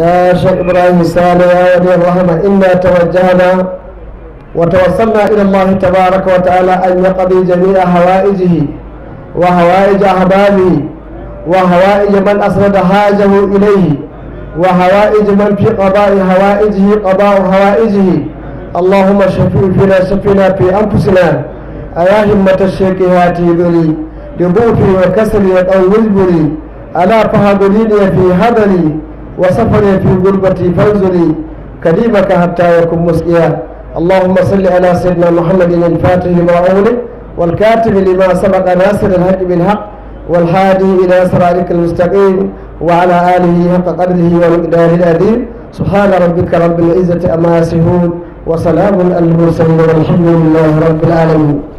يا شيخ إبراهيم السالي يا ولي الرحمة إنا توجهنا وتوصلنا إلى الله تبارك وتعالى أن يقضي جميع حوائجه وحوائج أحبابه وحوائج من أسرد حاجه إليه وحوائج من في قضاء حوائجه قضاء حوائجه اللهم شفي فينا شفينا في أنفسنا أيا همة الشيخ هاتي بلي لضعفي وكسري أو وجبري ألا فهدني في هذلي وسفري في غربتي فانزلي كريمك حتى يكون مسقيا اللهم صل على سيدنا محمد الفاتح ما أولي والكاتب لما سبق ناصر الهدي بالحق والهادي إلى صراطك المستقيم وعلى آله حق قدره ومقداره الأذين سبحان ربك رب العزة أما يصفون وسلام على المرسلين والحمد لله رب العالمين